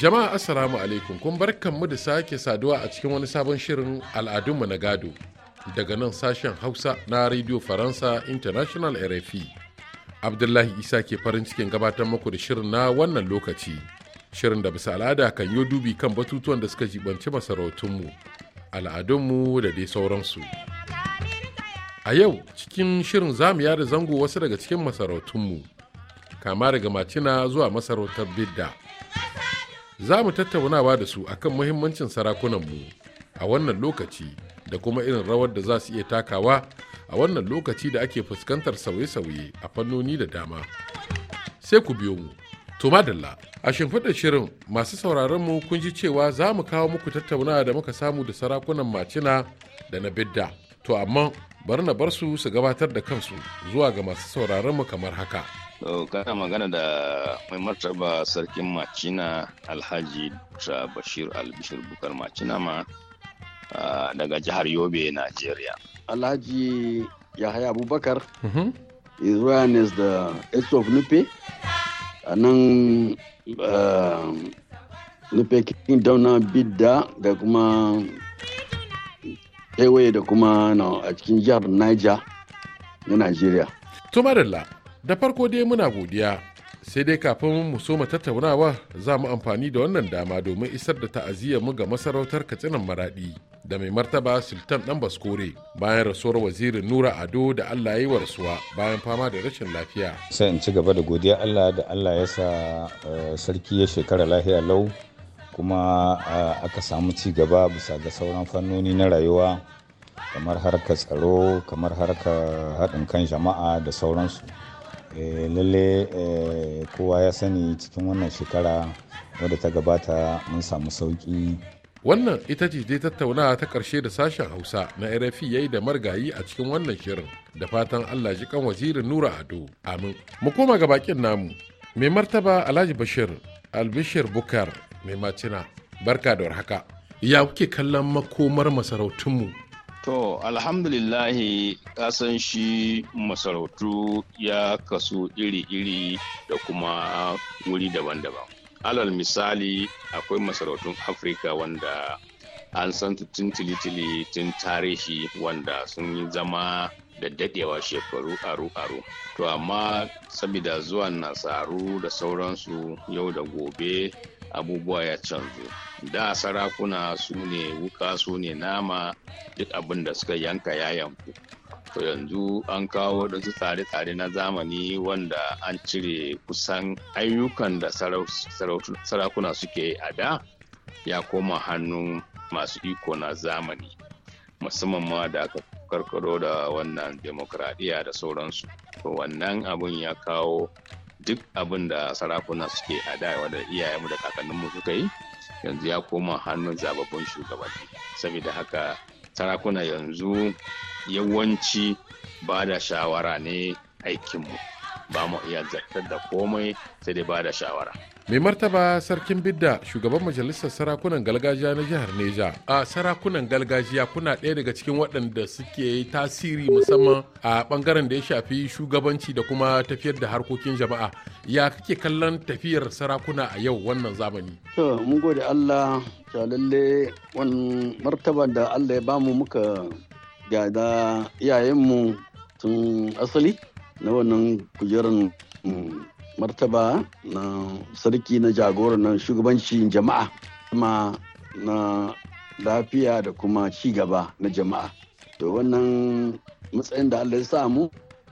Jama'a Assalamu alaikum kun barkanmu da sake saduwa a cikin wani sabon shirin al'adunmu na gado daga nan sashen Hausa na Radio Faransa International RFI. Abdullahi Isa ke farin cikin gabatar maku da shirin na wannan lokaci. Shirin da bisa al'ada kan yi dubi kan batutuwan da suka jibanci masarautunmu, al'adunmu da dai sauransu. A yau cikin shirin zamu yada zango wasu daga cikin masarautunmu, kama daga macina zuwa masarautar bidda. za mu tattaunawa da su akan muhimmancin mu a wannan lokaci da kuma irin rawar da za su iya takawa a wannan lokaci da ake fuskantar sauye-sauye a fannoni da dama sai ku biyo mu to madalla a shimfiɗar shirin masu sauraron mu kun ji cewa za mu kawo muku tattaunawa da muka samu da sarakunan macina da na bidda to amma bar na bar su su gabatar da kansu zuwa ga masu sauraron mu kamar haka kana magana da mai martaba sarkin macina alhaji ta bashir albishir bukar macina ma daga jihar yobe nigeria alhaji yahaya abubakar israelis da east of nupe a nan nufe kingdom na bidda da kuma kewaye da kuma a cikin jihar niger na nigeria to da farko dai muna godiya sai dai kafin mu soma tattaunawa za mu amfani da wannan dama domin isar da ta'aziyyar mu ga masarautar katsinan maradi da mai martaba sultan dan baskore bayan rasuwar wazirin nura ado da allah ya yi warsuwa bayan fama da rashin lafiya sai in ci gaba da godiya allah da allah ya sa eh, sarki ya shekara lahiya lau kuma eh, aka samu ci gaba bisa ga sauran fannoni na rayuwa kamar harkar tsaro kamar harkar haɗin kan jama'a da sauransu Eh, lalle eh, kowa ya sani cikin wannan shekara wadda ta gabata mun samu sauƙi wannan ita ce dai tattaunawa ta ƙarshe da sashen hausa na rfi ya yi da margayi a cikin wannan shirin da fatan allah ji kan wazirin nura ado amin mu koma ga bakin namu mai martaba alhaji bashir albishir bukar mai macina barka da warhaka ya kuke kallon makomar masarautunmu To, alhamdulillahi kasan shi masarautu ya kasu iri-iri da kuma wuri daban-daban. Alal misali akwai masarautun Afrika wanda an san tun tili-tili tun tarihi wanda sun yi zama da dadewa shekaru aru-aru. To, amma sabida zuwan nasaru da sauransu yau da gobe abubuwa ya canzu. da sarakuna su ne wuka su ne nama duk abin da suka yanka ya yanku to yanzu an kawo su tsare-tsare na zamani wanda an cire kusan ayyukan da sarakuna suke a da ya koma hannun masu iko na zamani musamman ma da aka karkaro da wannan demokradiyya da sauransu to wannan abin ya kawo duk abin da sarakuna suke a da wanda iyayenmu da kakanninmu suka yi yanzu ya koma hannun zababbun shugabanni saboda haka sarakuna yanzu yawanci ba da shawara ne aikinmu ba mu iya zartar da komai sai dai ba da shawara mai martaba sarkin bidda shugaban majalisar sarakunan galgajiya na jihar neja a sarakunan galgajiya kuna ɗaya daga cikin waɗanda suke tasiri musamman a ɓangaren da ya shafi shugabanci da kuma tafiyar da harkokin jama'a ya kake kallon tafiyar sarakuna a yau wannan zamani to mun gode allah lalle wani martaba da allah ya bamu muka gada iyayenmu tun asali na wannan kujerar mm, martaba na sarki na jagoran nan shugabancin jama'a kuma na lafiya da kuma cigaba na jama'a to wannan matsayin da allah ya sa mu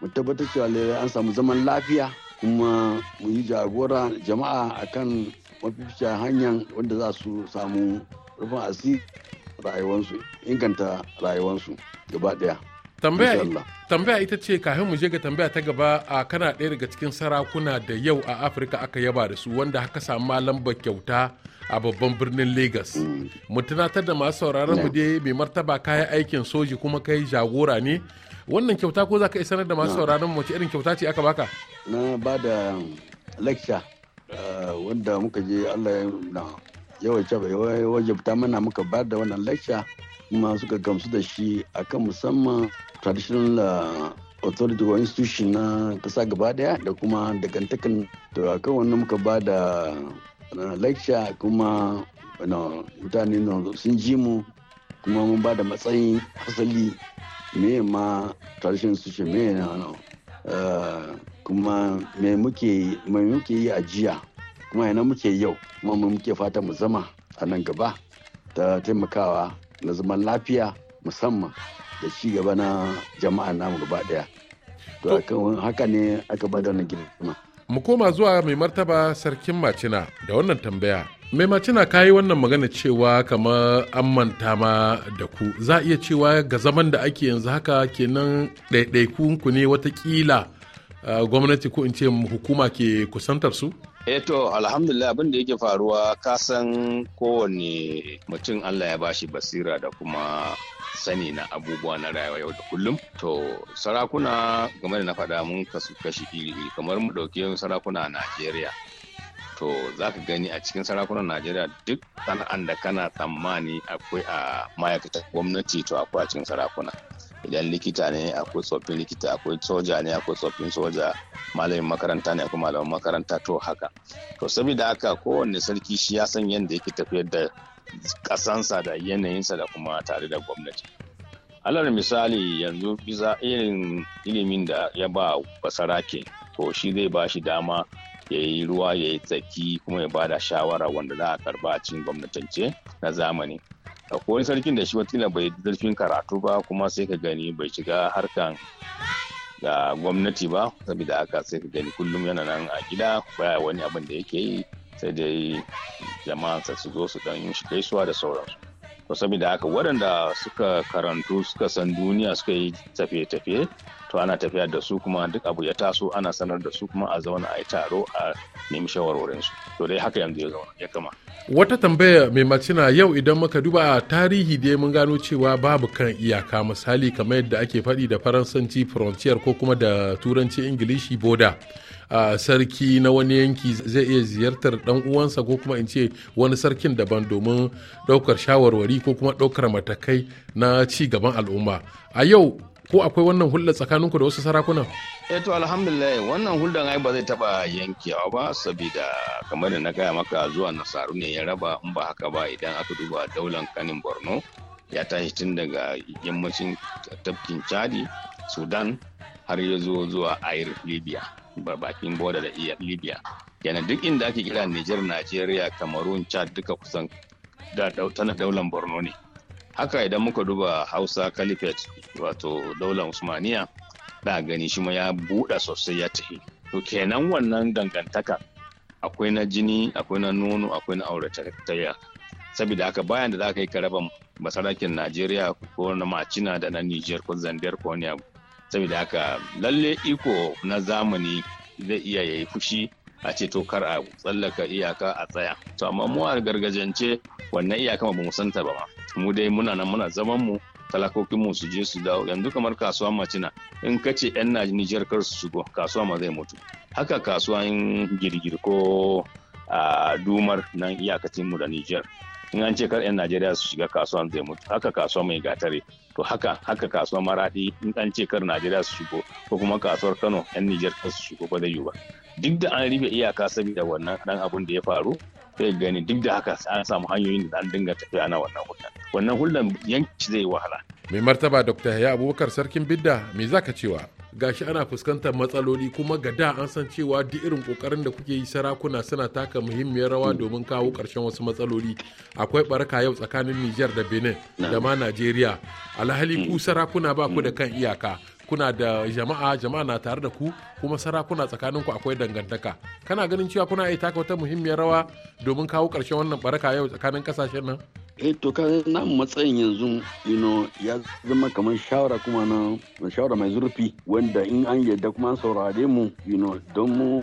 mu tabbatar cewa an samu zaman lafiya kuma mu yi jagora jama'a akan mafificin hanyar wanda za su samu rufin asiri rayuwarsu inganta rayuwarsu gaba daya tambaya ita ce kafin mu je ga tambaya ta gaba a kana ɗaya daga cikin sarakuna da yau a afirka aka yaba da su wanda haka samu lambar kyauta a babban birnin lagos mm. mu tunatar da masu sauraron mu dai mai martaba kayan aikin soji kuma kai jagora ne wannan kyauta ko za ka isanar da masu sauraron mu wace irin kyauta ce aka baka na ba da um, lecture uh, wanda muka je allah ya yawaita bai wajabta mana muka ba da wannan lecture kuma suka gamsu da shi akan musamman traditional uh, authority ko institution na kasa gaba daya da kuma dagantakan a kan wannan muka ba da uh, lecture kuma mutane sun ji mu kuma mun ba da matsayin asali me ma tradition institution me na uh, kuma me muke yi a jiya kuma yana muke yau kuma muke fata mu zama a nan gaba ta taimakawa na zaman lafiya musamman da ci gaba na jama'a namu gaba daya to haka ne aka bada wannan girma mu koma zuwa mai martaba sarkin macina da wannan tambaya mai macina ka wannan magana cewa kamar an manta ma da ku za a iya cewa ga zaman da ake yanzu haka kenan ɗaiɗaikunku ne watakila gwamnati ko in ce hukuma ke kusantar su Eto eh, alhamdulillah abin da yake faruwa ka kasan kowane mutum Allah ya bashi basira da kuma sani na abubuwa na rayuwa yau da kullum. To sarakuna game da na faɗa mun kasu kashi iri kamar mu ɗauki sarakuna a Najeriya. To za ka gani a cikin sarakunan Najeriya duk sana'an da kana tsammani akwai a ma'aikatan gwamnati to akwai a cikin sarakuna. idan likita ne akwai tsoffin likita akwai soja ne akwai tsoffin soja malamin makaranta ne akwai malamin makaranta to haka to saboda haka kowanne sarki shi ya san yadda yake tafiyar da kasansa da yanayinsa da kuma tare da gwamnati alal misali yanzu bisa irin ilimin da ya ba basarake to shi zai ba shi dama ya yi ruwa ya yi tsaki kuma ya bada shawara wanda za a karba a cikin gwamnatance na zamani akwai wani sarkin da shi watakila bai zarfin karatu ba kuma sai ka gani bai shiga harkan da ah, gwamnati ba saboda haka sai ka gani kullum yana nan a gida baya wani abin da yake yi sai dai jama'ansa su zo su dan yi shi gaisuwa da sauransu to saboda haka waɗanda suka karantu suka san duniya suka yi tafiye-tafiye to ana tafiya da su kuma duk abu ya taso ana sanar da su kuma a zauna a yi taro a nemi shawarwarinsu to dai haka yanzu ya zauna ya kama wata tambaya mai macina yau idan muka duba a tarihi dai mun gano cewa babu kan iyaka misali kamar yadda ake faɗi da faransanci frontier ko kuma da turanci ingilishi boda a sarki na wani yanki zai iya ziyartar dan uwansa ko kuma in ce wani sarkin daban domin ɗaukar shawarwari ko kuma ɗaukar matakai na ci gaban al'umma a yau ko akwai wannan hulɗa tsakaninku da wasu sarakunan? eh to alhamdulillah wannan hulɗan ai ba zai taɓa yankewa ba saboda kamar da na gaya maka zuwa nasaru ne ya raba in ba haka ba idan aka duba daular kanin borno ya tashi tun daga yammacin tafkin chadi sudan har ya zo zuwa air libya bakin boda da iya libya yana duk inda ake kira niger nigeria cameroon chad duka kusan da tana daular borno ne haka idan muka duba hausa caliphate wato daular usmaniya da gani shi ma ya buɗa sosai ya tafi to kenan wannan dangantaka akwai na jini akwai na nono akwai na auratayya saboda haka bayan da za ka yi karaban masarakin najeriya ko na macina da na niger ko zandiyar ko wani abu saboda haka lalle iko na zamani zai iya yayi fushi a ce to kar a tsallaka iyaka a tsaya to amma mu a gargajance wannan iyaka ba mu san ta ba mu dai muna nan muna zaman mu talakokin mu su je su dawo yanzu kamar kasuwa macina in ka ce yan Nijar kar su shigo kasuwa ma zai mutu haka kasuwan girgir ko a ah, dumar nan iyakacin mu da Nijar in an ce kar 'yan najeriya su shiga kasuwan zai mutu haka kasuwa mai gatare to haka haka kasuwar maradi in an ce kar najeriya su shigo ko kuma kasuwar kano 'yan nijar kar su shigo ba zai yiwu ba duk da an rufe iyaka saboda wannan dan abun da ya faru sai gani duk da haka an samu hanyoyin da an dinga tafiya na wannan hulɗar wannan hulɗar yanki zai wahala mai martaba dr yaya abubakar sarkin bidda me zaka cewa gashi ana fuskantar matsaloli kuma ga da an san cewa duk irin kokarin da kuke yi sarakuna suna taka muhimmiyar rawa domin kawo karshen wasu matsaloli akwai baraka yau tsakanin niger da Benin da ma Najeriya alhali ku mm. sarakuna ba ku da mm. kan iyaka kuna da jama'a jama'a na tare da ku kuma sarakuna tsakanin ku akwai dangantaka kana ganin cewa kuna iya taka wata muhimmiyar rawa domin kawo karshen wannan baraka yau tsakanin kasashen nan eh to ka na matsayin yanzu ino ya zama kamar shawara kuma na shawara mai zurfi wanda in an yadda kuma an saurare mu know don mu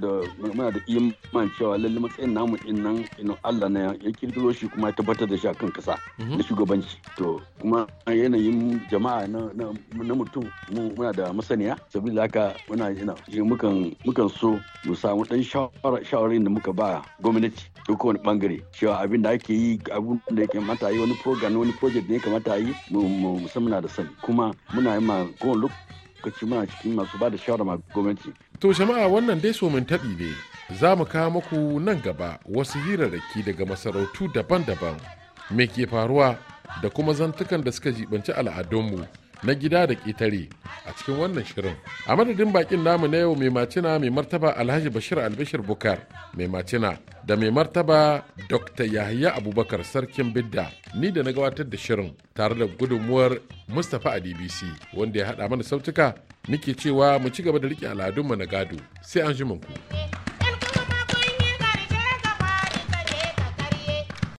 da muna da iman cewa lalle matsayin namu din nan ino Allah na ya kirkiro shi kuma ya tabbatar da shi akan kasa na mhm. shugabanci to kuma yanayin jama'a na mutum mu muna da masaniya saboda haka muna ina mukan mukan so mu samu dan shawarin da muka ba gwamnati ko kowane bangare cewa abin da ake yi abu abubuwan da ya kamata yi wani program wani project ne kamata yi musamman da sani kuma muna yi ma kowane lokaci muna cikin masu ba da shawara ma gwamnati. To jama'a wannan dai somin taɓi ne za mu kawo muku nan gaba wasu hirarraki daga masarautu daban-daban me ke faruwa da kuma zantukan da suka jibanci al'adunmu na gida da ƙetare a cikin wannan shirin a madadin bakin namu na yau mai macina mai martaba alhaji bashir albashir bukar mai macina da mai martaba dr yahaya abubakar sarkin bidda ni da na gabatar da shirin tare da gudunmuwar mustapha a dbc wanda ya haɗa mana sautuka nike cewa mu ci gaba da riƙe al'adunmu na gado sai an ku.